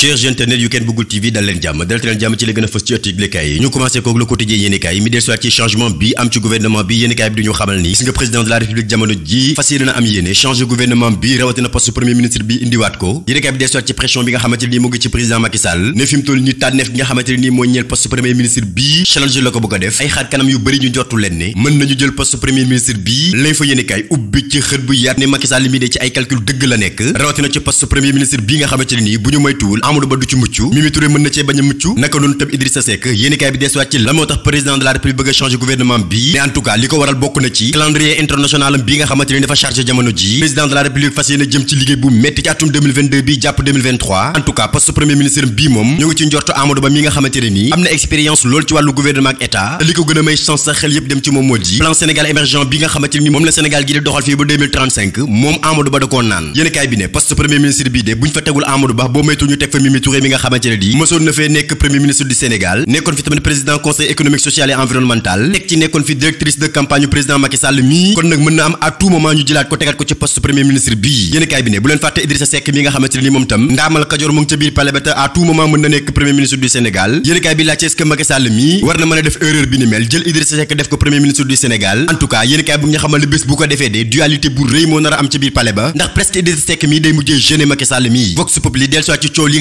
chers internet yu kenn bëggul TV dal leen jàmm dal leen jàmm ci la gën a ci ëtt yëglekaay yi ñu commencé kook le quotidien yene kay mi del ci changement bi am ci gouvernement bi kay bi du ñu xamal ni nga président de la république jamono ji fas na am yene changer gouvernement bi na poste premier ministre bi wat ko kay bi del soit ci pression bi nga xamanteni mo ngi ci président Macky Sall ne fim mu toll nii tànneef nga xamanteni ne nii ñeel poste premier ministre bi challenge la ko bëgg def ay xaat kanam yu bari ñu jortu len ne mën nañu jël poste premier ministre bi L'info yene kay ubbi ci xët bu yaat ne Macky Sall mi dee ci ay calcul deug la nekk na ci poste premier ministre bi nga xamanteni buñu may bu Amadou Ba du ci muccu Mimi Touré mën na cee bañ naka noonu tam Idrissa Seck yene kay bi dess ci la motax président de la république bëgg changer gouvernement bi mais en tout cas liko waral bokku na ci calendrier international bi nga xamanteni ne dafa charger jamono ji président de la république fas yéene jëm ci liggéey bu metti ci atum 2022 bi japp 2023 en tout cas poste premier ministre bi mom ñu ngi ci njortu Amadou Ba mi nga xamanteni ne nii expérience lool ci walu gouvernement ak état te li ko may chance sa xel yépp dem ci mom moo plan Sénégal émergent bi nga xamanteni mom la Sénégal gi di doxal fi ba 2035 mom Amadou Ba da ko naan yene kay bi ne poste premier ministre bi de buñ fa tegul Amadou Ba bo maytu ñu teg fa Mimi Touré mi nga xamante di mësoon na fee nekk premier ministre du Sénégal nekkoon fi tamit président conseil économique social et environnemental teg ci nekkoon fi directrice de campagne président Macky Sall mii kon nag mën na am à ñu jëlaat ko tegaat ko ci poste premier ministre bii yéen bi ne bu leen fàtte Idrissa Seck mi nga xamante ne ni moom tam ndaamal Kajoor mu ca biir palais ba te à mën na nekk premier ministre du Sénégal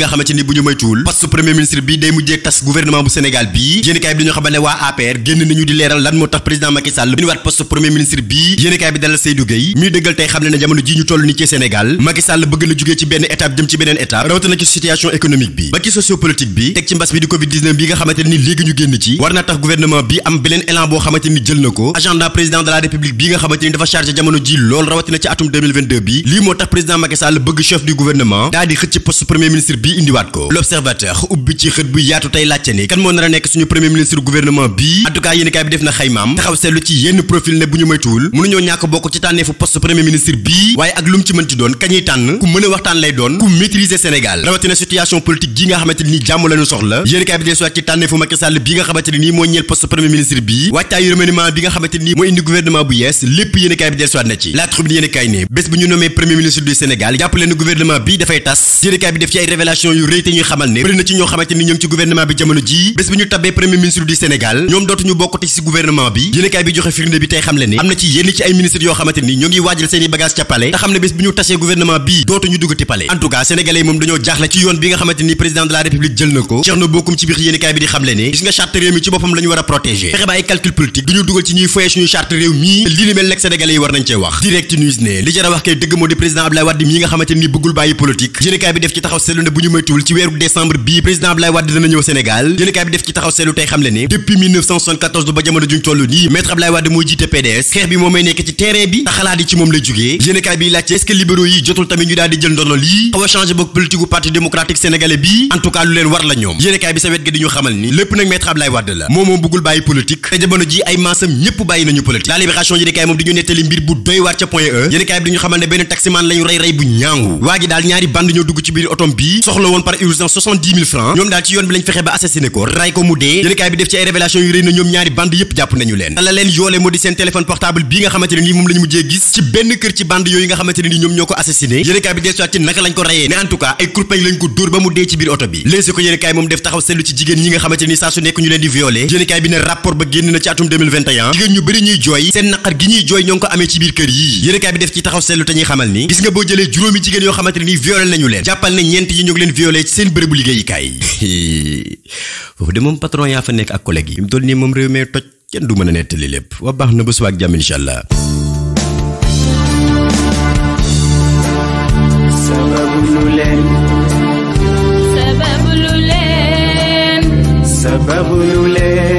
xamante ni bu ñu moytuwul poste premier ministre bi day mujjee tas gouvernement bu Sénégal bii yéenekaay bi dañoo xamal waa APR génn nañu di leeral lan moo tax président Macky Sall bu ñu waat poste premier ministre bii yéenekaay bi dalal Seydou Gueye muy dëggal tey xam nga xamante ni léegi ñu génn ci war na tax gouvernement bi am beneen élan boo xamante ni jël na ko agenda président de la république bi nga xamante ni bëgg chef du gouvernement daal xëcc poste premier ministre bi indiwaat l'observateur ubbi ci xët bu yaatu tey laajte ni kan moo nar a nekk suñu premier ministre gouvernement bii en tout cas kaay bi def na xaymaam taxaw seetlu ci yenn profil ne bu ñu moytuwul mu ci mënti doon premier ministre du Sénégal jàpp leen bi dafay tas yéen kaay bi def ci ay révélation révélation yu yi moom dañoo jaaxle ci yoon bi nga xamante ni président de la république jël na ko Thierno Bocoum ci biir yéenekaay bi di xam le ne gis nga charte réew ci boppam la ñu war fexe ba ay calcul politique duñu dugal ci ñuy foye suñu charte réew mi li li nag sénégalais yi war nañ cee wax direct news ne li jara wax dëgg moo di président Abdoulaye Wade mi nga xamante ni bëggul bàyyi politique yéenekaay bi def ci taxaw seetlu ne moytuwul ci weeru décembre bii président Abdoulaye Wade dana ñëw Sénégal yéenekaay bi def ci taxaw seetlu tey xam le ne ba jamono juñ toll nii maître Abdoulaye Wade mooy jiite PDS xeex bi moo may nekk ci terrain bi te yi ci moom la jógee yéenekaay bi laajte est-ce yi jotul tamit ñu daal jël ndono lii xaw a changé boog parti démocratique sénégalais bi en leen war la ñoom yéenekaay bi sa wet ga di ñu xamal ni lépp nag maître Abdoulaye Wade la moom woon par urgence 70 francs ñoom daal ci yoon bi lañ fexe ba assassiné ko ray ko mu dee yéenekaay bi def ci ay révélation yu rëy na ñoom ñaari bande yëpp jàpp nañu leen la leen yoolee moo di seen téléphone portable bii nga xamante ne moom la mujjee gis ci benn kër ci bande yooyu nga xamante ne ñoom ñoo ko assassiné yéenekaay bi desuwaat ci naka lañ ko rayee ne en ay kurpañ lañ ko dóor ba mu dee ci biir oto bi léegi ko yéenekaay bi ne def taxaw seetlu leen violé ci seen bërëbu liggéeyukaay foofu de moom patron yaa fa nekk ak collègue yi fi mu toll nii moom réew mee toj kenn du mën a nettali lépp wa baax na ba suba ak jàmm incha allah. leen.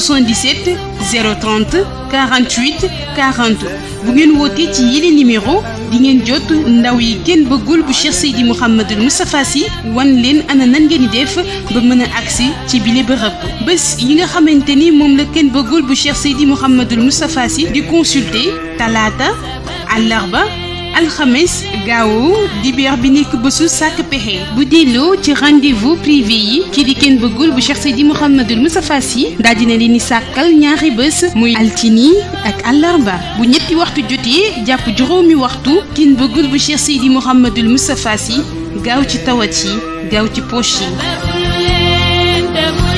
77 030 48 40 bu ngeen wootee ci yile numéro di ngeen jot ndaw yi kenn bëggul bu Cheikh Seydi Mouhamadul Moustapha Sy wan leen ana nan ngeen di def ba meuna a ci bile bërëb bés yi nga xamanteni mom la kenn bu Cheikh Seydi di consulter Talata Alarba alxames gaawu dibeer bi nekk bésu sàkk pexe bu delloo ci rendez-vous privé yi kii di kenn bëggul bu Cheikh Seydi Mouhamadul Moustapha Sy daal dina leen di sàkkal ñaari bés muy altini ak àllarba bu ñetti waxtu jotee jàpp juróomi waxtu kenn bëggul bu Cheikh Seydi Mouhamadul Moustapha Sy gaaw ci tawat yi gaaw ci poche yi